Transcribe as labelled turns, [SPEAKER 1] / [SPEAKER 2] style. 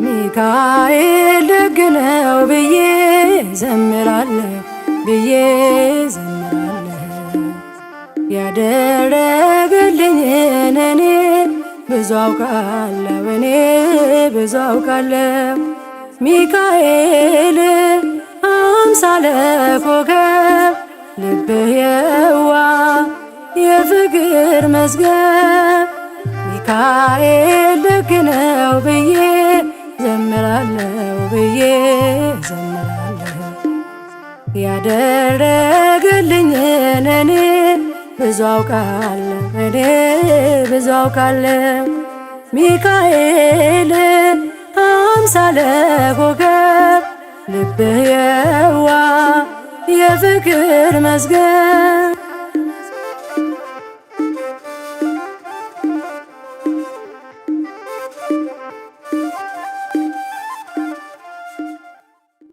[SPEAKER 1] ሚካኤል ደግ ነው ብዬ ዘምራለሁ ብዬ ዘምራለሁ ያደረገልኝን እኔ ብዙ አውቃለሁ እኔ ብዙ አውቃለሁ ሚካኤል አምሳለ ኮከብ ልብህ የዋ የፍቅር መዝገብ ሚካኤል ደግ ነው ብዬ ነው ብዬ ዘምራለሁ። ያደረገልኝን እኔ ብዙ አውቃለሁ እኔ ብዙ አውቃለሁ። ሚካኤልን አምሳለ ኮከብ ልብህ የዋ የፍቅር መዝገብ